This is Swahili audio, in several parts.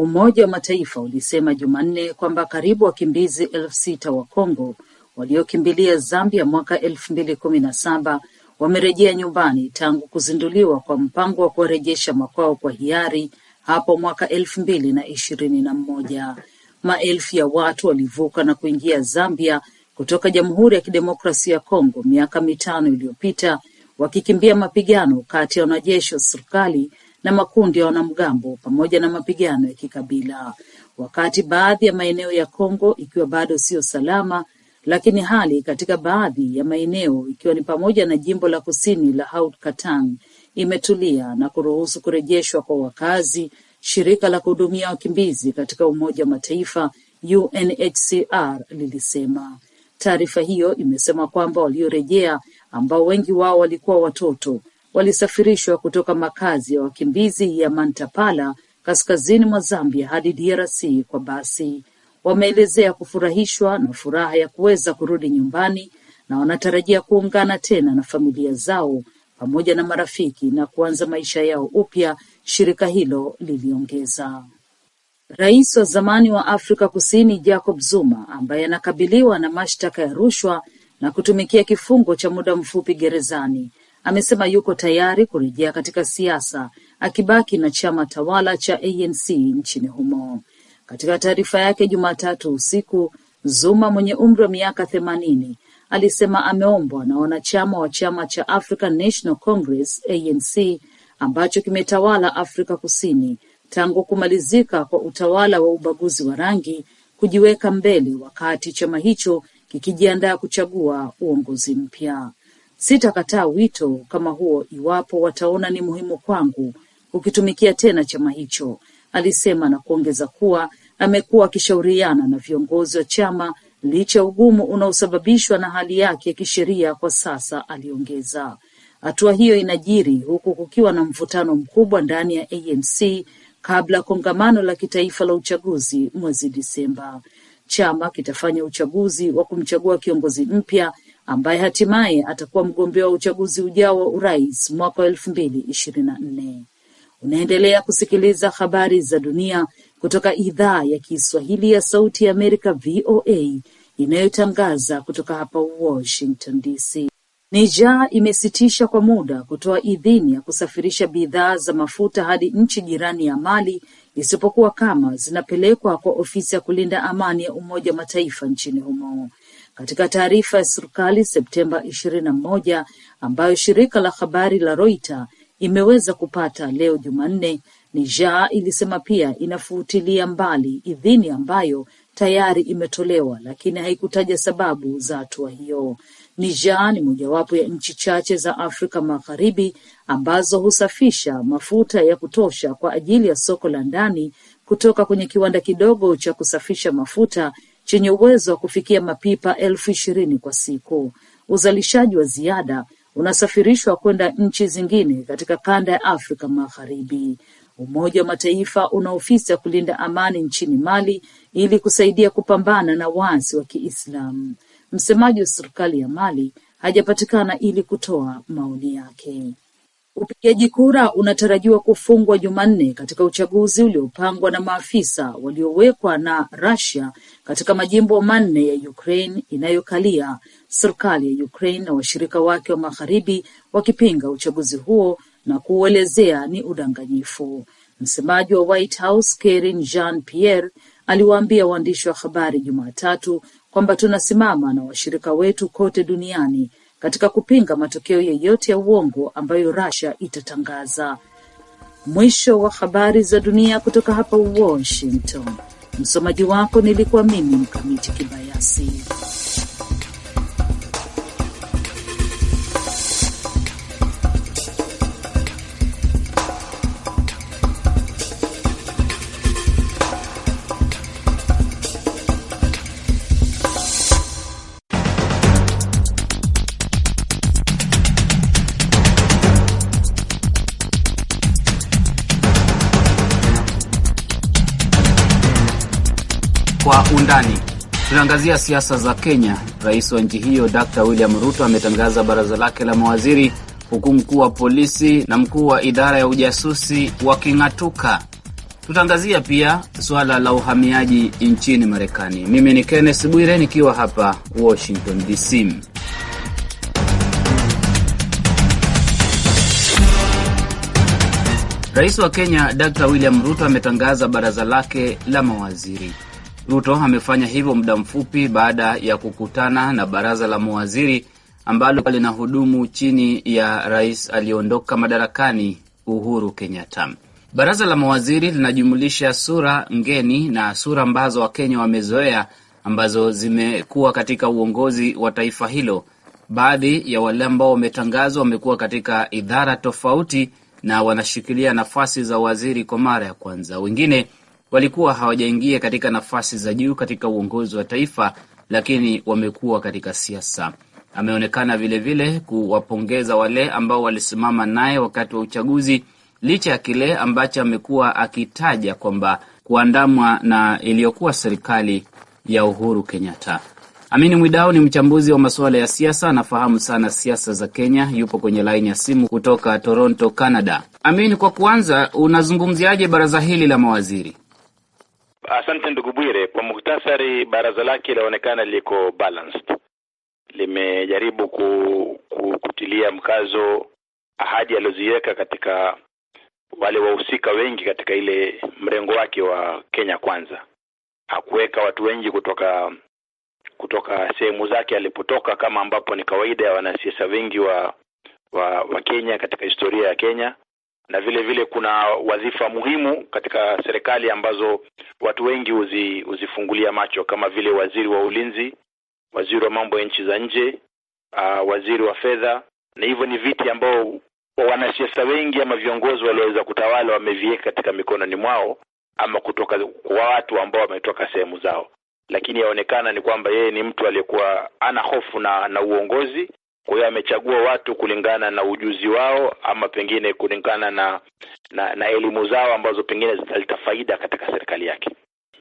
Umoja wa Mataifa ulisema Jumanne kwamba karibu wakimbizi elfu sita wa Kongo waliokimbilia Zambia mwaka elfu mbili kumi na saba wamerejea nyumbani tangu kuzinduliwa kwa mpango wa kuwarejesha makwao kwa hiari hapo mwaka elfu mbili na ishirini na mmoja. Maelfu ya watu walivuka na kuingia Zambia kutoka Jamhuri ya Kidemokrasia ya Kongo miaka mitano iliyopita wakikimbia mapigano kati ya wanajeshi wa serikali na makundi ya wanamgambo pamoja na mapigano ya kikabila, wakati baadhi ya maeneo ya Kongo ikiwa bado siyo salama, lakini hali katika baadhi ya maeneo ikiwa ni pamoja na jimbo la kusini la Haut-Katanga imetulia na kuruhusu kurejeshwa kwa wakazi. Shirika la kuhudumia wakimbizi katika Umoja wa Mataifa UNHCR lilisema. Taarifa hiyo imesema kwamba waliorejea, ambao wengi wao walikuwa watoto, walisafirishwa kutoka makazi ya wakimbizi ya Mantapala kaskazini mwa Zambia hadi DRC kwa basi. Wameelezea kufurahishwa na furaha ya kuweza kurudi nyumbani na wanatarajia kuungana tena na familia zao pamoja na marafiki na kuanza maisha yao upya, shirika hilo liliongeza. Rais wa zamani wa Afrika Kusini Jacob Zuma ambaye anakabiliwa na mashtaka ya rushwa na kutumikia kifungo cha muda mfupi gerezani amesema yuko tayari kurejea katika siasa akibaki na chama tawala cha ANC nchini humo. Katika taarifa yake Jumatatu usiku, Zuma mwenye umri wa miaka themanini alisema ameombwa na wanachama wa chama cha African National Congress ANC ambacho kimetawala Afrika Kusini tangu kumalizika kwa utawala wa ubaguzi wa rangi kujiweka mbele wakati chama hicho kikijiandaa kuchagua uongozi mpya. Sitakataa wito kama huo iwapo wataona ni muhimu kwangu kukitumikia tena chama hicho, alisema na kuongeza kuwa amekuwa akishauriana na viongozi wa chama licha ya ugumu unaosababishwa na hali yake ya kisheria kwa sasa, aliongeza. Hatua hiyo inajiri huku kukiwa na mvutano mkubwa ndani ya ANC kabla ya kongamano la kitaifa la uchaguzi mwezi Disemba. Chama kitafanya uchaguzi wa kumchagua kiongozi mpya ambaye hatimaye atakuwa mgombea wa uchaguzi ujao wa urais mwaka wa elfu mbili ishirini na nne. Unaendelea kusikiliza habari za dunia kutoka idhaa ya Kiswahili ya Sauti ya Amerika, VOA, inayotangaza kutoka hapa Washington DC. Niger imesitisha kwa muda kutoa idhini ya kusafirisha bidhaa za mafuta hadi nchi jirani ya Mali isipokuwa kama zinapelekwa kwa ofisi ya kulinda amani ya Umoja wa Mataifa nchini humo katika taarifa ya serikali Septemba ishirini na moja ambayo shirika la habari la Reuters imeweza kupata leo Jumanne, Niger ilisema pia inafuatilia mbali idhini ambayo tayari imetolewa lakini haikutaja sababu za hatua hiyo. Niger ni mojawapo ya nchi chache za Afrika Magharibi ambazo husafisha mafuta ya kutosha kwa ajili ya soko la ndani kutoka kwenye kiwanda kidogo cha kusafisha mafuta chenye uwezo wa kufikia mapipa elfu ishirini kwa siku. Uzalishaji wa ziada unasafirishwa kwenda nchi zingine katika kanda ya Afrika Magharibi. Umoja wa Mataifa una ofisi ya kulinda amani nchini Mali ili kusaidia kupambana na waasi wa Kiislamu. Msemaji wa serikali ya Mali hajapatikana ili kutoa maoni yake. Upigaji kura unatarajiwa kufungwa Jumanne katika uchaguzi uliopangwa na maafisa waliowekwa na Russia katika majimbo manne ya Ukraine inayokalia, serikali ya Ukraine na washirika wake wa magharibi wakipinga uchaguzi huo na kuuelezea ni udanganyifu. Msemaji wa White House Jean-Pierre aliwaambia waandishi wa habari Jumatatu kwamba tunasimama na washirika wetu kote duniani katika kupinga matokeo yeyote ya uongo ambayo Russia itatangaza. Mwisho wa habari za dunia kutoka hapa Washington. Msomaji wako nilikuwa mimi Mkamiti Kibayasi. Kwa undani tunaangazia siasa za Kenya. Rais wa nchi hiyo Dr William Ruto ametangaza baraza lake la mawaziri, huku mkuu wa polisi na mkuu wa idara ya ujasusi waking'atuka. Tutaangazia pia suala la uhamiaji nchini Marekani. Mimi ni Kenneth Bwire nikiwa hapa Washington DC. Rais wa Kenya Dr William Ruto ametangaza baraza lake la mawaziri. Ruto amefanya hivyo muda mfupi baada ya kukutana na baraza la mawaziri ambalo linahudumu chini ya rais aliyeondoka madarakani Uhuru Kenyatta. Baraza la mawaziri linajumulisha sura ngeni na sura ambazo Wakenya wamezoea ambazo zimekuwa katika uongozi wa taifa hilo. Baadhi ya wale ambao wametangazwa wamekuwa katika idara tofauti na wanashikilia nafasi za waziri kwa mara ya kwanza, wengine walikuwa hawajaingia katika nafasi za juu katika uongozi wa taifa, lakini wamekuwa katika siasa. Ameonekana vilevile kuwapongeza wale ambao walisimama naye wakati wa uchaguzi, licha ya kile ambacho amekuwa akitaja kwamba kuandamwa na iliyokuwa serikali ya Uhuru Kenyatta. Amini Mwidau ni mchambuzi wa masuala ya siasa, anafahamu sana siasa za Kenya. Yupo kwenye laini ya simu kutoka Toronto, Canada. Amini, kwa kuanza, unazungumziaje baraza hili la mawaziri? Asante ndugu Bwire. Kwa muhtasari, baraza lake laonekana liko balanced, limejaribu ku, ku, kutilia mkazo ahadi aliyoziweka katika wale wahusika wengi katika ile mrengo wake wa Kenya Kwanza. Hakuweka watu wengi kutoka kutoka sehemu zake alipotoka, kama ambapo ni kawaida ya wanasiasa wengi wa, wa wa Kenya katika historia ya Kenya na vile vile kuna wadhifa muhimu katika serikali ambazo watu wengi huzifungulia macho kama vile waziri wa ulinzi, waziri wa mambo ya nchi za nje, uh, waziri wa fedha, na hivyo ni viti ambao wanasiasa wengi ama viongozi walioweza kutawala wameviweka katika mikononi mwao ama kutoka kwa watu ambao wametoka sehemu zao, lakini yaonekana ni kwamba yeye ni mtu aliyekuwa ana hofu na na uongozi kwa hiyo amechagua watu kulingana na ujuzi wao ama pengine kulingana na na, na elimu zao ambazo pengine zitaleta faida katika serikali yake.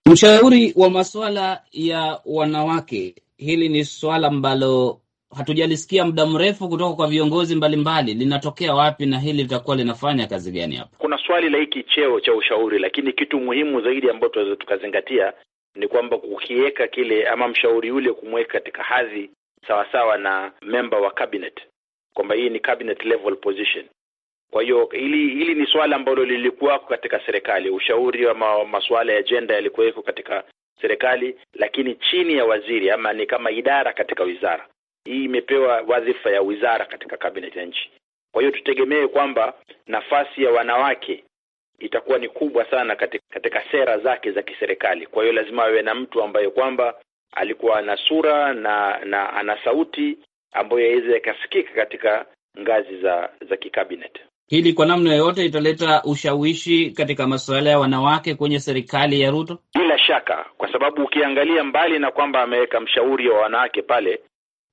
Mshauri wa masuala ya wanawake, hili ni swala ambalo hatujalisikia muda mrefu kutoka kwa viongozi mbalimbali mbali. Linatokea wapi na hili litakuwa linafanya kazi gani hapa? Kuna swali la hiki cheo cha ushauri, lakini kitu muhimu zaidi ambayo tunaweza tukazingatia ni kwamba kukiweka kile ama mshauri yule kumweka katika hadhi sawasawa na memba wa cabinet, kwamba hii ni cabinet level position. Kwa hiyo hili hili ni swala ambalo lilikuwako katika serikali, ushauri ama masuala ya ajenda yalikuweko katika serikali, lakini chini ya waziri ama ni kama idara katika wizara hii imepewa wadhifa ya wizara katika cabinet ya nchi. Kwa hiyo tutegemee kwamba nafasi ya wanawake itakuwa ni kubwa sana katika, katika sera zake za kiserikali. Kwa hiyo lazima awe na mtu ambaye kwamba alikuwa na sura na na ana sauti ambayo yaweza ikasikika katika ngazi za za kikabinet. Hili kwa namna yoyote italeta ushawishi katika masuala ya wanawake kwenye serikali ya Ruto, bila shaka, kwa sababu ukiangalia mbali na kwamba ameweka mshauri wa wanawake pale,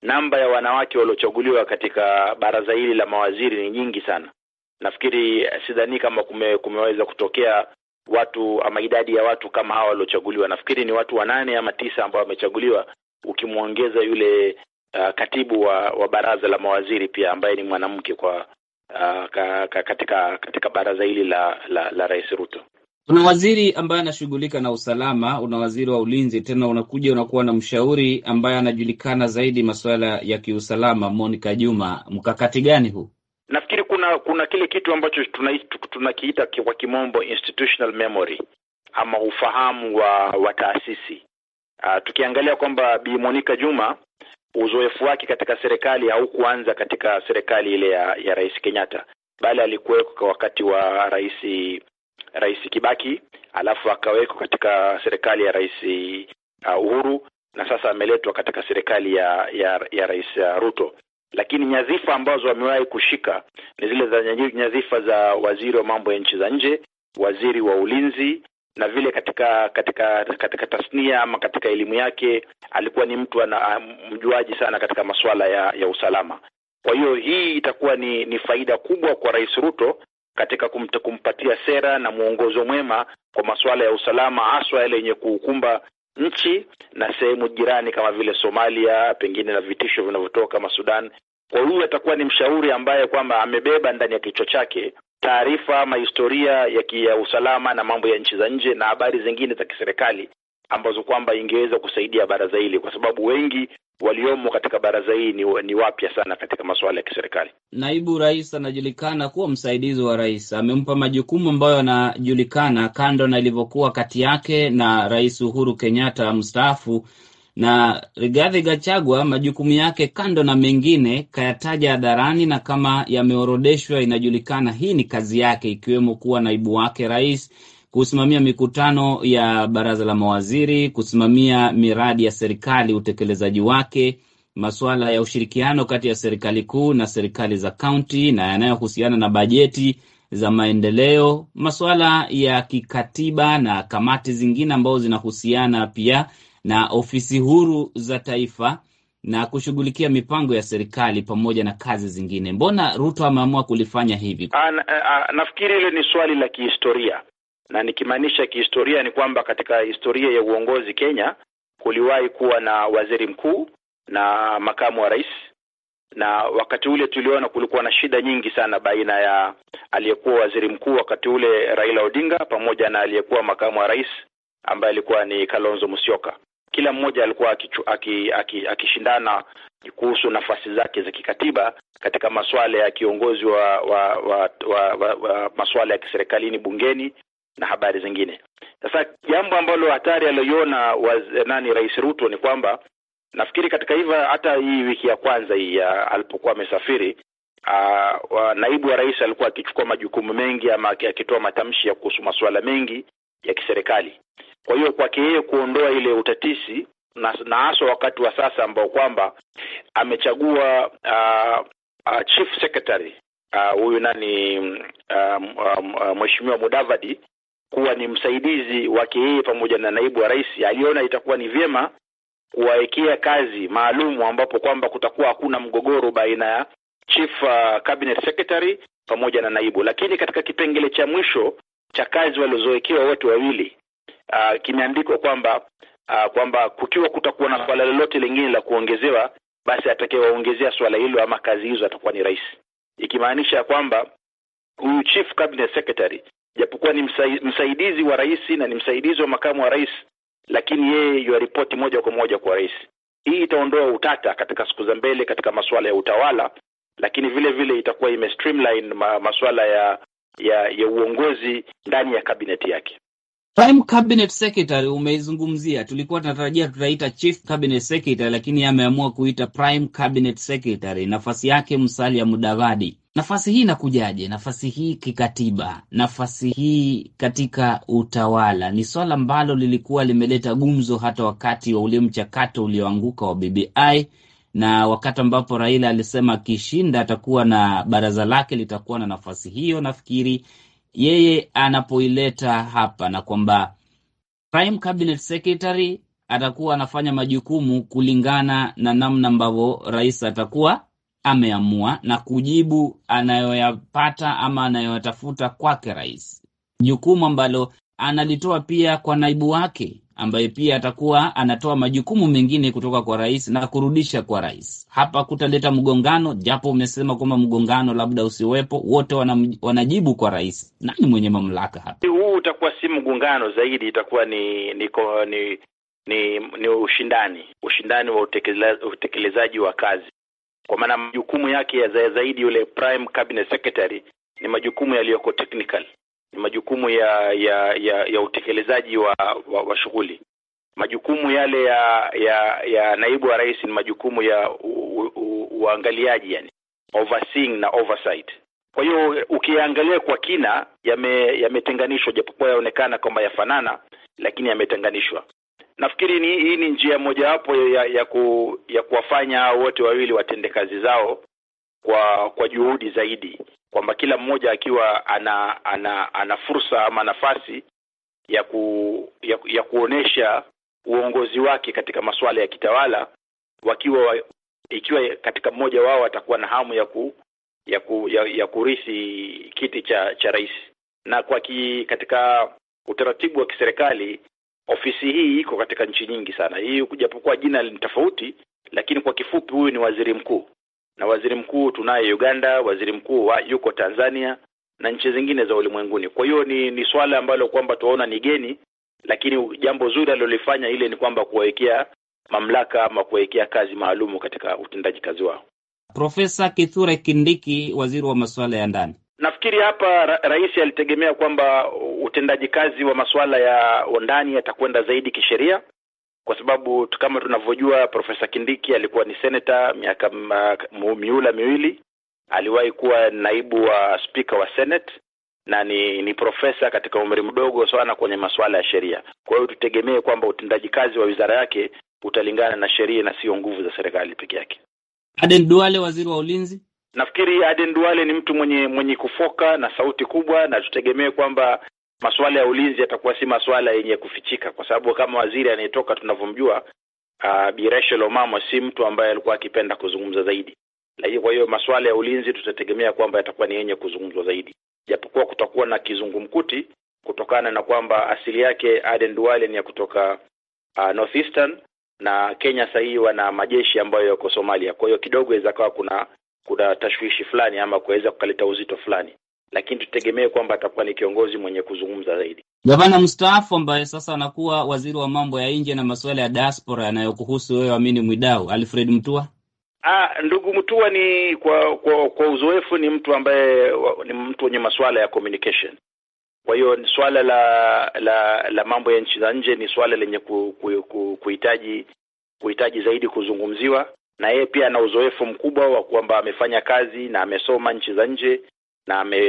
namba ya wanawake waliochaguliwa katika baraza hili la mawaziri ni nyingi sana. Nafikiri eh, sidhani kama kume, kumeweza kutokea watu ama idadi ya watu kama hawa waliochaguliwa, nafikiri ni watu wanane ama tisa ambao wamechaguliwa, ukimwongeza yule uh, katibu wa, wa baraza la mawaziri pia ambaye ni mwanamke kwa uh, ka, ka, katika katika baraza hili la, la, la Rais Ruto. Kuna waziri ambaye anashughulika na usalama, una waziri wa ulinzi, tena unakuja unakuwa na mshauri ambaye anajulikana zaidi masuala ya kiusalama, Monica Juma. Mkakati gani huu? kuna kuna kile kitu ambacho tunakiita tuna kwa kimombo institutional memory ama ufahamu wa wa taasisi. Uh, tukiangalia kwamba Bi Monica Juma uzoefu wake katika serikali haukuanza katika serikali ile ya, ya Rais Kenyatta, bali alikuweko wakati wa Rais Rais Kibaki, alafu akawekwa katika serikali ya Rais uh, Uhuru na sasa ameletwa katika serikali ya ya, ya Rais ah, Ruto lakini nyadhifa ambazo wamewahi kushika ni zile za nyadhifa za waziri wa mambo ya nchi za nje, waziri wa ulinzi na vile katika katika katika tasnia ama katika elimu yake alikuwa ni mtu ana mjuaji sana katika masuala ya ya usalama. Kwa hiyo hii itakuwa ni ni faida kubwa kwa Rais Ruto katika kumta kumpatia sera na mwongozo mwema kwa masuala ya usalama, haswa yale yenye kuukumba nchi na sehemu jirani kama vile Somalia, pengine na vitisho vinavyotoka kama Sudan. Kwa huyu atakuwa ni mshauri ambaye kwamba amebeba ndani ya kichwa chake taarifa ama historia ya kia usalama na mambo ya nchi za nje na habari zingine za kiserikali ambazo kwamba ingeweza kusaidia baraza hili, kwa sababu wengi waliomo katika baraza hii ni, ni wapya sana katika masuala ya kiserikali. Naibu rais anajulikana kuwa msaidizi wa rais, amempa majukumu ambayo yanajulikana kando na ilivyokuwa kati yake na Rais Uhuru Kenyatta mstaafu na Rigathi Gachagua, majukumu yake kando na mengine kayataja hadharani, na kama yameorodeshwa, inajulikana hii ni kazi yake, ikiwemo kuwa naibu wake rais kusimamia mikutano ya baraza la mawaziri, kusimamia miradi ya serikali, utekelezaji wake, masuala ya ushirikiano kati ya serikali kuu na serikali za kaunti na yanayohusiana na bajeti za maendeleo, masuala ya kikatiba na kamati zingine ambazo zinahusiana pia na ofisi huru za taifa na kushughulikia mipango ya serikali pamoja na kazi zingine. Mbona Ruto ameamua kulifanya hivi? Nafikiri hilo ni swali la kihistoria na nikimaanisha kihistoria ni kwamba katika historia ya uongozi Kenya kuliwahi kuwa na waziri mkuu na makamu wa rais, na wakati ule tuliona kulikuwa na shida nyingi sana baina ya aliyekuwa waziri mkuu wakati ule Raila Odinga pamoja na aliyekuwa makamu wa rais ambaye alikuwa ni Kalonzo Musyoka. Kila mmoja alikuwa akishindana aki, aki, kuhusu nafasi zake za kikatiba katika masuala ya kiongozi wa, wa, wa, wa, wa, wa masuala ya kiserikalini bungeni na habari zingine. Sasa jambo ambalo hatari aliyoiona nani Rais Ruto ni kwamba nafikiri katika hivyo, hata hii wiki ya kwanza hii alipokuwa amesafiri Uh, naibu wa rais alikuwa akichukua majukumu mengi ama akitoa matamshi ya kuhusu masuala mengi ya kiserikali. Kwa hiyo kwake yeye kuondoa ile utatisi na haswa wakati wa sasa ambao kwamba amechagua uh, uh, chief secretary huyu uh, nani um, um, mheshimiwa Mudavadi kuwa ni msaidizi wake yeye pamoja na naibu wa rais, aliona itakuwa ni vyema kuwawekea kazi maalumu ambapo kwamba kutakuwa hakuna mgogoro baina ya chief uh, cabinet secretary pamoja na naibu. Lakini katika kipengele cha mwisho cha kazi walizowekewa wote wawili uh, kimeandikwa kwamba uh, kwamba kukiwa kutakuwa na swala lolote lingine la kuongezewa, basi atakayewaongezea swala hilo ama kazi hizo atakuwa ni rais, ikimaanisha kwamba huyu chief cabinet secretary japokuwa ni msaidizi wa rais na ni msaidizi wa makamu wa rais, lakini yeye yuaripoti moja kwa moja kwa rais. Hii itaondoa utata katika siku za mbele katika masuala ya utawala, lakini vile vile itakuwa imestreamline ma masuala ya ya ya uongozi ndani ya kabineti yake. Prime Cabinet Secretary umeizungumzia, tulikuwa tunatarajia tutaita Chief Cabinet Secretary, lakini ameamua kuita Prime Cabinet Secretary. Nafasi yake Musalia Mudavadi. Nafasi hii inakujaje? Nafasi hii kikatiba, nafasi hii katika utawala ni swala ambalo lilikuwa limeleta gumzo hata wakati wa ule mchakato ulioanguka wa BBI na wakati ambapo Raila alisema akishinda atakuwa na baraza lake litakuwa na nafasi hiyo. Nafikiri yeye anapoileta hapa, na kwamba prime cabinet secretary atakuwa anafanya majukumu kulingana na namna ambavyo rais atakuwa ameamua na kujibu anayoyapata ama anayoyatafuta kwake rais, jukumu ambalo analitoa pia kwa naibu wake ambaye pia atakuwa anatoa majukumu mengine kutoka kwa rais na kurudisha kwa rais. Hapa kutaleta mgongano, japo umesema kwamba mgongano labda usiwepo, wote wanam, wanajibu kwa rais. Nani mwenye mamlaka hapa? Huu utakuwa si mgongano zaidi, itakuwa ni ni, ni ni ni ushindani, ushindani wa utekelezaji wa kazi, kwa maana majukumu yake ya zaidi yule prime cabinet secretary ni majukumu yaliyoko technical majukumu ya ya ya, ya utekelezaji wa, wa, wa shughuli. Majukumu yale ya ya, ya naibu wa rais ni majukumu ya uangaliaji, yani overseeing na oversight. Kwa hiyo ukiangalia kwa kina, yametenganishwa, ya japokuwa yaonekana kwamba yafanana, lakini yametenganishwa. Nafikiri ni hii ni njia mojawapo ya, ya, ku, ya kuwafanya hao wote wawili watende kazi zao kwa kwa juhudi zaidi kwamba kila mmoja akiwa ana ana ana fursa ama nafasi ya ku, ya, ya kuonesha uongozi wake katika masuala ya kitawala wakiwa ikiwa katika mmoja wao atakuwa na hamu ya ku, ya, ku, ya, ya kurisi kiti cha cha rais na kwa ki, katika utaratibu wa kiserikali ofisi hii iko katika nchi nyingi sana. Hii japokuwa jina ni tofauti, lakini kwa kifupi, huyu ni waziri mkuu na waziri mkuu tunaye Uganda, waziri mkuu wa yuko Tanzania na nchi zingine za ulimwenguni. Kwa hiyo ni ni swala ambalo kwamba tuwaona ni geni, lakini jambo zuri alilolifanya ile ni kwamba kuwawekea mamlaka ama kuwawekea kazi maalumu katika utendaji kazi wao. Profesa Kithure Kindiki, waziri wa masuala ya ndani. Nafikiri hapa ra rais alitegemea kwamba utendaji kazi wa masuala ya ndani yatakwenda zaidi kisheria, kwa sababu kama tunavyojua, Profesa Kindiki alikuwa ni seneta miaka miula miwili, aliwahi kuwa naibu wa spika wa Senate na ni, ni profesa katika umri mdogo sana kwenye masuala ya sheria. Kwa hiyo tutegemee kwamba utendaji kazi wa wizara yake utalingana na sheria na sio nguvu za serikali peke yake. Aden Duale, waziri wa ulinzi, nafikiri Aden Duale ni mtu mwenye mwenye kufoka na sauti kubwa, na tutegemee kwamba masuala ya ulinzi yatakuwa si masuala yenye kufichika, kwa sababu kama waziri anayetoka tunavyomjua, uh, Bi Rachel Omamo si mtu ambaye alikuwa akipenda kuzungumza zaidi, lakini kwa hiyo masuala ya ulinzi tutategemea kwamba yatakuwa ni yenye kuzungumzwa zaidi, japokuwa kutakuwa na kizungumkuti kutokana na kwamba asili yake Aden Duale ni ya kutoka uh, Northeastern na Kenya sasa wana majeshi ambayo yako Somalia. Kwa hiyo kidogo inaweza kawa kuna kuna tashwishi fulani ama kuweza kukaleta uzito fulani lakini tutegemee kwamba atakuwa ni kiongozi mwenye kuzungumza zaidi. Gavana mstaafu ambaye sasa anakuwa waziri wa mambo ya nje na masuala ya diaspora yanayokuhusu wewe, Amini Mwidau, Alfred Mtua. Ah, ndugu Mtua ni kwa kwa, kwa uzoefu ni mtu ambaye ni mtu wenye masuala ya communication kwa hiyo ni swala la la la mambo ya nchi za nje ni swala lenye ku, ku, ku, kuhitaji zaidi kuzungumziwa, na yeye pia ana uzoefu mkubwa wa kwamba amefanya kazi na amesoma nchi za nje, na ame,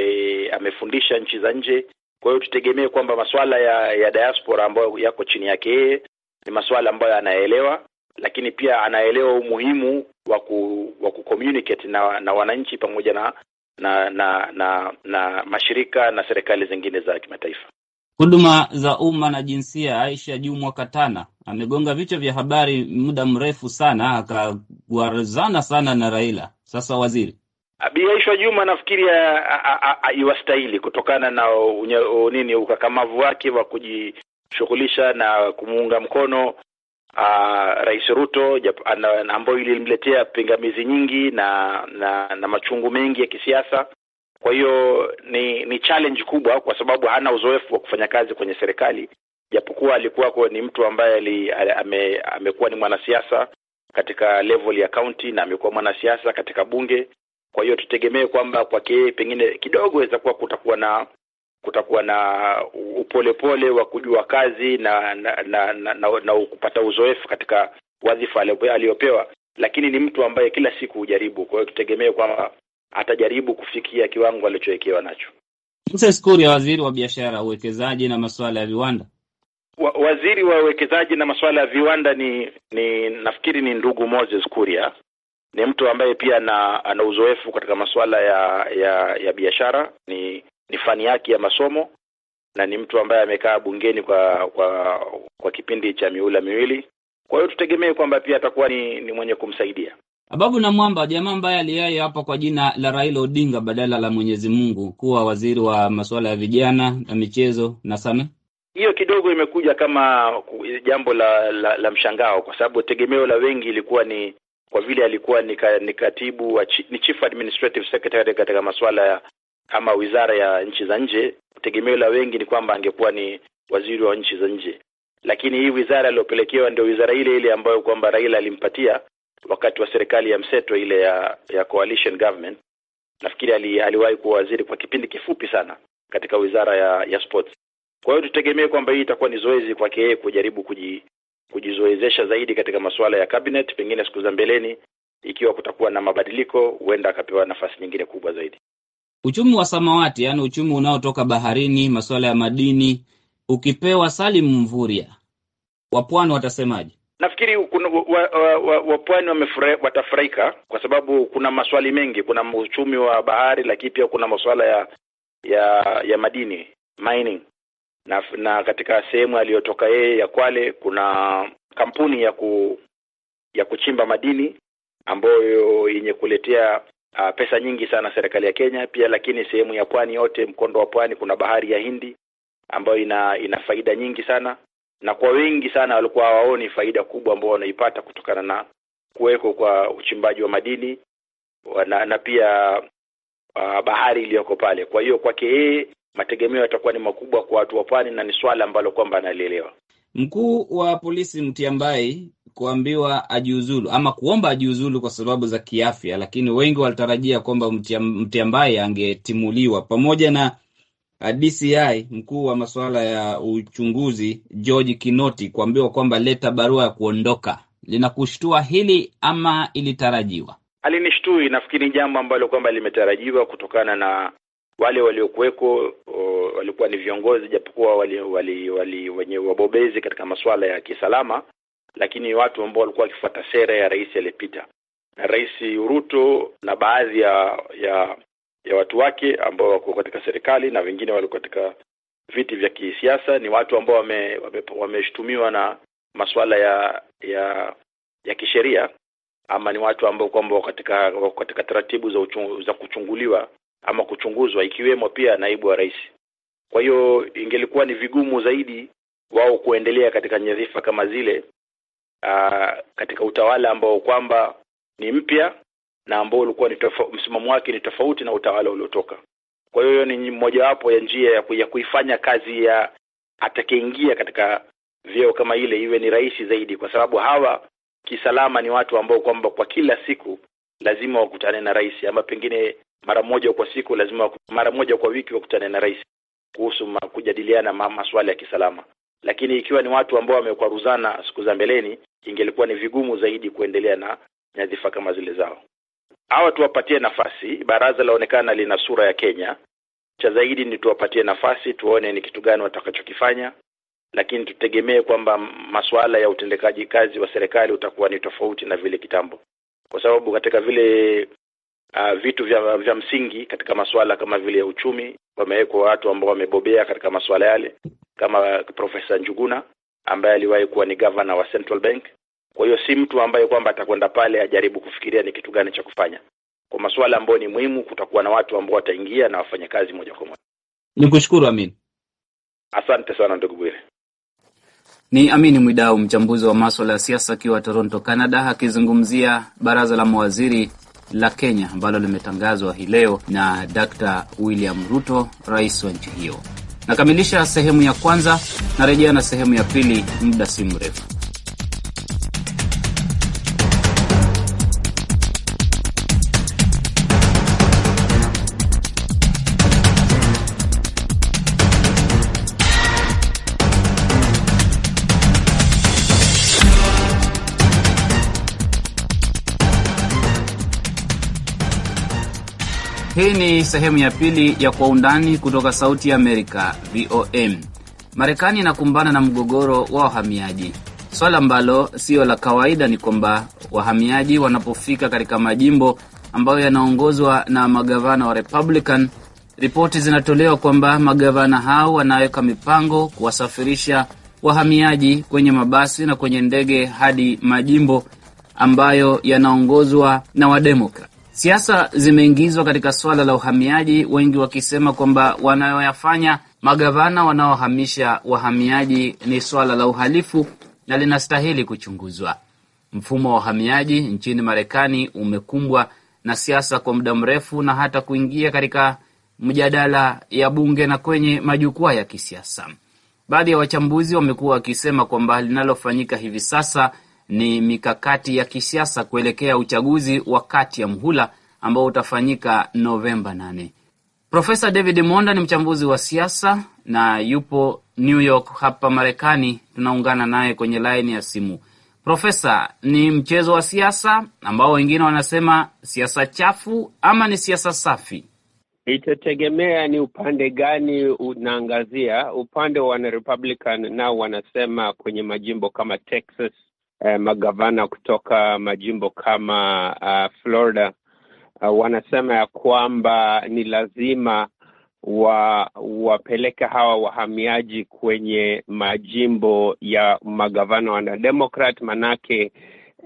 amefundisha nchi za nje. Kwa hiyo tutegemee kwamba masuala ya, ya diaspora ambayo yako chini yake yeye ni masuala ambayo anaelewa, lakini pia anaelewa umuhimu wa ku, wa kucommunicate na, na wananchi pamoja na na, na na na mashirika na serikali zingine za kimataifa. Huduma za umma na jinsia, Aisha Jumwa Katana amegonga vichwa vya habari muda mrefu sana, akawarazana sana na Raila, sasa waziri Bi Aisha Juma nafikiri eh, iwastahili kutokana na unye, nini ukakamavu wake wa kujishughulisha na kumuunga mkono a, Rais Ruto ambayo ilimletea pingamizi nyingi na, na na machungu mengi ya kisiasa. Kwa hiyo ni ni challenge kubwa, kwa sababu hana uzoefu wa kufanya kazi kwenye serikali, japokuwa alikuwa ni mtu ambaye ali, ame, amekuwa ni mwanasiasa katika level ya county na amekuwa mwanasiasa katika bunge kwa hiyo tutegemee kwamba kwake pengine kidogo weza kuwa kutakuwa na kutakuwa na upolepole wa kujua kazi na na, na, na, na, na kupata uzoefu katika wadhifa aliyopewa, lakini ni mtu ambaye kila siku hujaribu. Kwa hiyo tutegemee kwamba atajaribu kufikia kiwango alichowekewa nacho. Kuria, waziri wa biashara, uwekezaji na masuala ya viwanda wa, waziri wa uwekezaji na masuala ya viwanda ni, ni nafikiri ni ndugu Moses Kuria ni mtu ambaye pia ana, ana uzoefu katika masuala ya ya ya biashara, ni ni fani yake ya masomo na ni mtu ambaye amekaa bungeni kwa kwa kwa kipindi cha miula miwili. Kwa hiyo tutegemee kwamba pia atakuwa ni, ni mwenye kumsaidia Ababu na Mwamba, jamaa ambaye aliaye hapa kwa jina la Raila Odinga badala la Mwenyezi Mungu kuwa waziri wa masuala ya vijana na michezo na sana Hiyo kidogo imekuja kama jambo la, la, la mshangao kwa sababu tegemeo la wengi ilikuwa ni kwa vile alikuwa ni katibu wa ni chief administrative secretary katika masuala ya ama wizara ya nchi za nje. Tegemeo la wengi ni kwamba angekuwa ni waziri wa nchi za nje, lakini hii wizara aliyopelekewa ndio wizara ile ile ambayo kwamba Raila alimpatia wakati wa serikali ya mseto ile ya ya coalition government. Nafikiri ali, aliwahi kuwa waziri kwa kipindi kifupi sana katika wizara ya ya sports. Kwa hiyo tutegemee kwamba hii itakuwa ni zoezi kwake yeye kujaribu kuji, kujizoezesha zaidi katika masuala ya cabinet, pengine siku za mbeleni, ikiwa kutakuwa na mabadiliko, huenda akapewa nafasi nyingine kubwa zaidi. Uchumi wa samawati, yaani uchumi unaotoka baharini, masuala ya madini, ukipewa Salim Mvurya, wapwani watasemaje? Nafikiri wapwani wa, wa, wa watafurahika kwa sababu kuna maswali mengi. Kuna uchumi wa bahari, lakini pia kuna masuala ya ya ya madini mining na, na katika sehemu aliyotoka yeye ya Kwale kuna kampuni ya ku, ya kuchimba madini ambayo yenye kuletea uh, pesa nyingi sana serikali ya Kenya pia, lakini sehemu ya pwani yote, mkondo wa pwani, kuna bahari ya Hindi ambayo ina ina faida nyingi sana, na kwa wengi sana walikuwa hawaoni faida kubwa ambao wanaipata kutokana na kuweko kwa uchimbaji wa madini na, na pia uh, bahari iliyoko pale. Kwa hiyo kwake yeye mategemeo yatakuwa ni makubwa kwa watu wa pwani, na ni swala ambalo kwamba analielewa mkuu wa polisi Mtiambai kuambiwa ajiuzulu ama kuomba ajiuzulu kwa sababu za kiafya, lakini wengi walitarajia kwamba Mtiambai angetimuliwa pamoja na uh, DCI mkuu wa masuala ya uchunguzi George Kinoti kuambiwa kwamba leta barua ya kuondoka. Linakushtua hili ama ilitarajiwa? Alinishtui, nafikiri jambo ambalo kwamba limetarajiwa kutokana na wale waliokuweko walikuwa ni viongozi japokuwa wali, wali, wali wenye wabobezi katika masuala ya kisalama, lakini watu ambao walikuwa wakifuata sera ya rais aliyepita, na Rais Ruto na baadhi ya ya ya watu wake ambao wako katika serikali na wengine waliko katika viti vya kisiasa ni watu ambao wameshutumiwa wame, wame na masuala ya ya ya kisheria ama ni watu ambao kwamba katika katika taratibu za za kuchunguliwa ama kuchunguzwa, ikiwemo pia naibu wa rais. Kwa hiyo ingelikuwa ni vigumu zaidi wao kuendelea katika nyadhifa kama zile aa, ah, katika utawala ambao kwamba ni mpya na ambao ulikuwa msimamo wake ni tofauti na utawala uliotoka. Kwa hiyo hiyo ni mojawapo ya njia ya, ya kuifanya kazi ya atakayeingia katika vyeo kama ile iwe ni rahisi zaidi, kwa sababu hawa kisalama ni watu ambao kwamba kwa kila siku lazima wakutane na rais ama pengine mara moja kwa siku, lazima mara moja kwa wiki wakutane na rais kuhusu kujadiliana maswala ya kisalama. Lakini ikiwa ni watu ambao wamekwaruzana siku za mbeleni, ingelikuwa ni vigumu zaidi kuendelea na nyadhifa kama zile zao. Hawa tuwapatie nafasi. Baraza laonekana lina sura ya Kenya. Cha zaidi ni tuwapatie nafasi, tuone ni kitu gani watakachokifanya, lakini tutegemee kwamba masuala ya utendekaji kazi wa serikali utakuwa ni tofauti na vile kitambo, kwa sababu katika vile uh, vitu vya, vya msingi katika masuala kama vile uchumi. Wamewekwa watu ambao wamebobea katika masuala yale kama Profesa Njuguna ambaye aliwahi kuwa ni governor wa Central Bank. Kwa hiyo si mtu ambaye kwamba atakwenda pale ajaribu kufikiria ni kitu gani cha kufanya. Kwa masuala ambayo ni muhimu, kutakuwa na watu ambao wataingia na wafanya kazi moja kwa moja. ni kushukuru Amin, asante sana ndugu Bwire. Ni Amini Mwidau, mchambuzi wa maswala ya siasa akiwa Toronto, Canada, akizungumzia baraza la mawaziri la Kenya ambalo limetangazwa hii leo na Dr. William Ruto, rais wa nchi hiyo. Nakamilisha sehemu ya kwanza, narejea na sehemu ya pili muda si mrefu. Hii ni sehemu ya pili ya Kwa Undani kutoka Sauti ya Amerika, VOM. Marekani inakumbana na mgogoro wa wahamiaji. Swala ambalo sio la kawaida ni kwamba wahamiaji wanapofika katika majimbo ambayo yanaongozwa na magavana wa Republican, ripoti zinatolewa kwamba magavana hao wanaweka mipango kuwasafirisha wahamiaji kwenye mabasi na kwenye ndege hadi majimbo ambayo yanaongozwa na Wademokrat. Siasa zimeingizwa katika suala la uhamiaji, wengi wakisema kwamba wanayoyafanya magavana wanaohamisha wahamiaji ni suala la uhalifu na linastahili kuchunguzwa. Mfumo wa uhamiaji nchini Marekani umekumbwa na siasa kwa muda mrefu na hata kuingia katika mjadala ya bunge na kwenye majukwaa ya kisiasa. Baadhi ya wachambuzi wamekuwa wakisema kwamba linalofanyika hivi sasa ni mikakati ya kisiasa kuelekea uchaguzi wa kati ya mhula ambao utafanyika Novemba 8. Profesa David Monda ni mchambuzi wa siasa na yupo New York hapa Marekani. Tunaungana naye kwenye laini ya simu. Profesa, ni mchezo wa siasa ambao wengine wanasema siasa chafu ama ni siasa safi? Itategemea ni upande gani unaangazia. Upande wa Republican nao wanasema kwenye majimbo kama Texas eh, magavana kutoka majimbo kama uh, Florida uh, wanasema ya kwamba ni lazima wa wapeleke hawa wahamiaji kwenye majimbo ya magavana wanademokrat, manake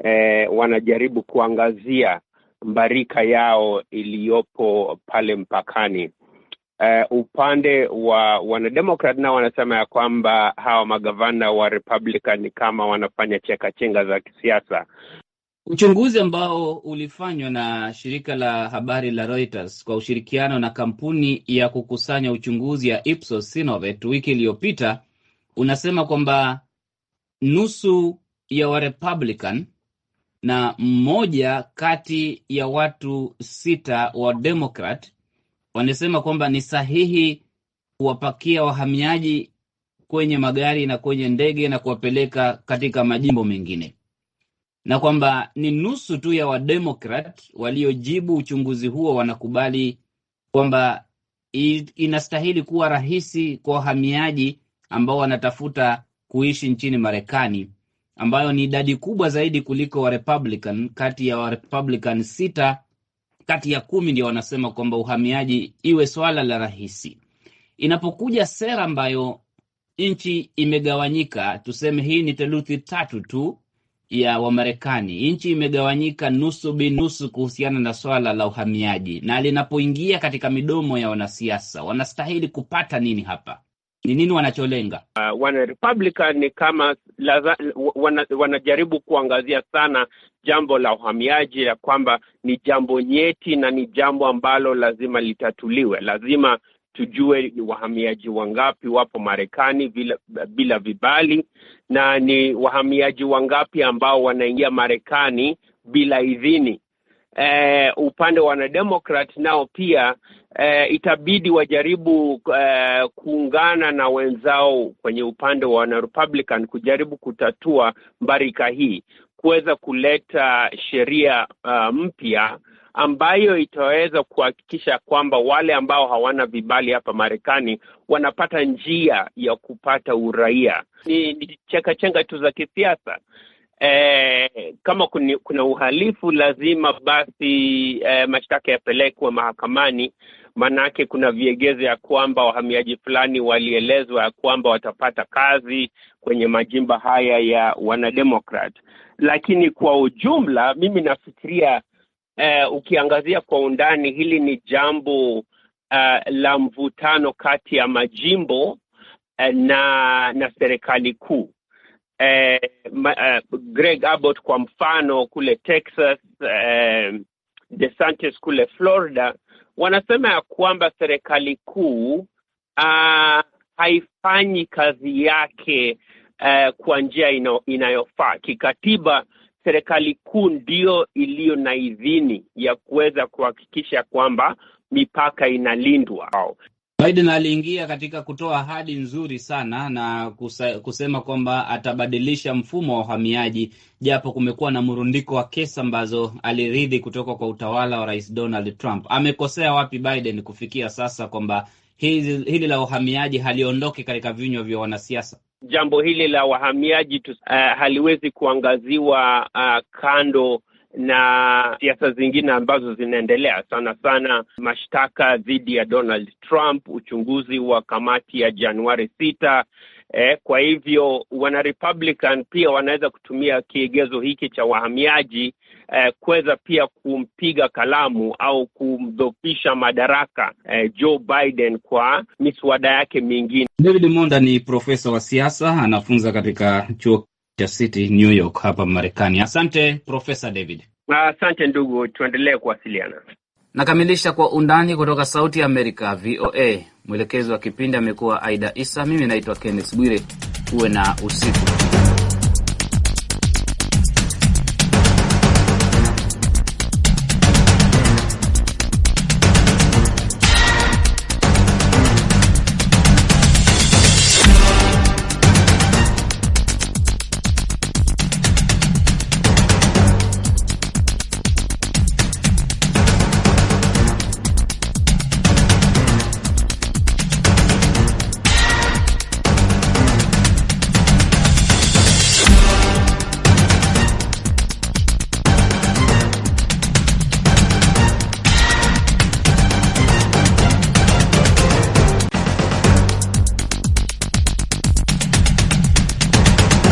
eh, wanajaribu kuangazia mbarika yao iliyopo pale mpakani. Uh, upande wa wanademokrat nao wanasema ya kwamba hawa magavana wa Republican kama wanafanya chekachenga za kisiasa. Uchunguzi ambao ulifanywa na shirika la habari la Reuters kwa ushirikiano na kampuni ya kukusanya uchunguzi ya Ipsos Synovate wiki iliyopita unasema kwamba nusu ya Warepublican na mmoja kati ya watu sita wa Democrat wanasema kwamba ni sahihi kuwapakia wahamiaji kwenye magari na kwenye ndege na kuwapeleka katika majimbo mengine, na kwamba ni nusu tu ya wademokrat waliojibu uchunguzi huo wanakubali kwamba inastahili kuwa rahisi kwa wahamiaji ambao wanatafuta kuishi nchini Marekani, ambayo ni idadi kubwa zaidi kuliko Warepublican. Kati ya Warepublican sita kati ya kumi ndio wanasema kwamba uhamiaji iwe swala la rahisi. Inapokuja sera ambayo nchi imegawanyika, tuseme hii ni theluthi tatu tu ya Wamarekani, nchi imegawanyika nusu binusu kuhusiana na swala la uhamiaji, na linapoingia katika midomo ya wanasiasa, wanastahili kupata nini hapa? Ni nini wanacholenga? Uh, wana Republican ni kama laza, wana, wanajaribu kuangazia sana jambo la uhamiaji ya kwamba ni jambo nyeti na ni jambo ambalo lazima litatuliwe. Lazima tujue ni wahamiaji wangapi wapo Marekani bila, bila vibali na ni wahamiaji wangapi ambao wanaingia Marekani bila idhini. E, upande wa wanademokrat nao pia e, itabidi wajaribu e, kuungana na wenzao kwenye upande wa wanarepublican kujaribu kutatua mbarika hii kuweza kuleta sheria uh, mpya ambayo itaweza kuhakikisha kwamba wale ambao hawana vibali hapa Marekani wanapata njia ya kupata uraia. Ni, ni chekachenga tu za kisiasa. Eh, kama kuni, kuna uhalifu lazima basi eh, mashtaka yapelekwe mahakamani maanake kuna viegezo ya kwamba wahamiaji fulani walielezwa ya kwamba watapata kazi kwenye majimba haya ya wanademokrat lakini kwa ujumla mimi nafikiria eh, ukiangazia kwa undani hili ni jambo eh, la mvutano kati ya majimbo eh, na na serikali kuu eh, ma, eh, Greg Abbott kwa mfano kule Texas eh, DeSantis kule Florida wanasema ya kwamba serikali kuu uh, haifanyi kazi yake uh, kwa njia ino, inayofaa kikatiba. Serikali kuu ndio iliyo na idhini ya kuweza kuhakikisha kwamba mipaka inalindwa. Biden aliingia katika kutoa ahadi nzuri sana na kusema kwamba atabadilisha mfumo wa uhamiaji, japo kumekuwa na mrundiko wa kesi ambazo aliridhi kutoka kwa utawala wa Rais Donald Trump. Amekosea wapi Biden kufikia sasa kwamba hili, hili la uhamiaji haliondoki katika vinywa vya wanasiasa? Jambo hili la wahamiaji uh, haliwezi kuangaziwa uh, kando na siasa zingine ambazo zinaendelea sana sana, mashtaka dhidi ya Donald Trump, uchunguzi wa kamati ya Januari sita. Eh, kwa hivyo wana Republican pia wanaweza kutumia kigezo hiki cha wahamiaji eh, kuweza pia kumpiga kalamu au kumdhofisha madaraka eh, Joe Biden kwa miswada yake mingine. David Monda ni profesa wa siasa, anafunza katika chuo Manchester City, New York hapa Marekani. Asante Profesa David. Asante ndugu, tuendelee kuwasiliana. Nakamilisha kwa undani kutoka Sauti ya Amerika, VOA. Mwelekezi wa kipindi amekuwa Aida Isa. Mimi naitwa Kenneth Bwire. Uwe na usiku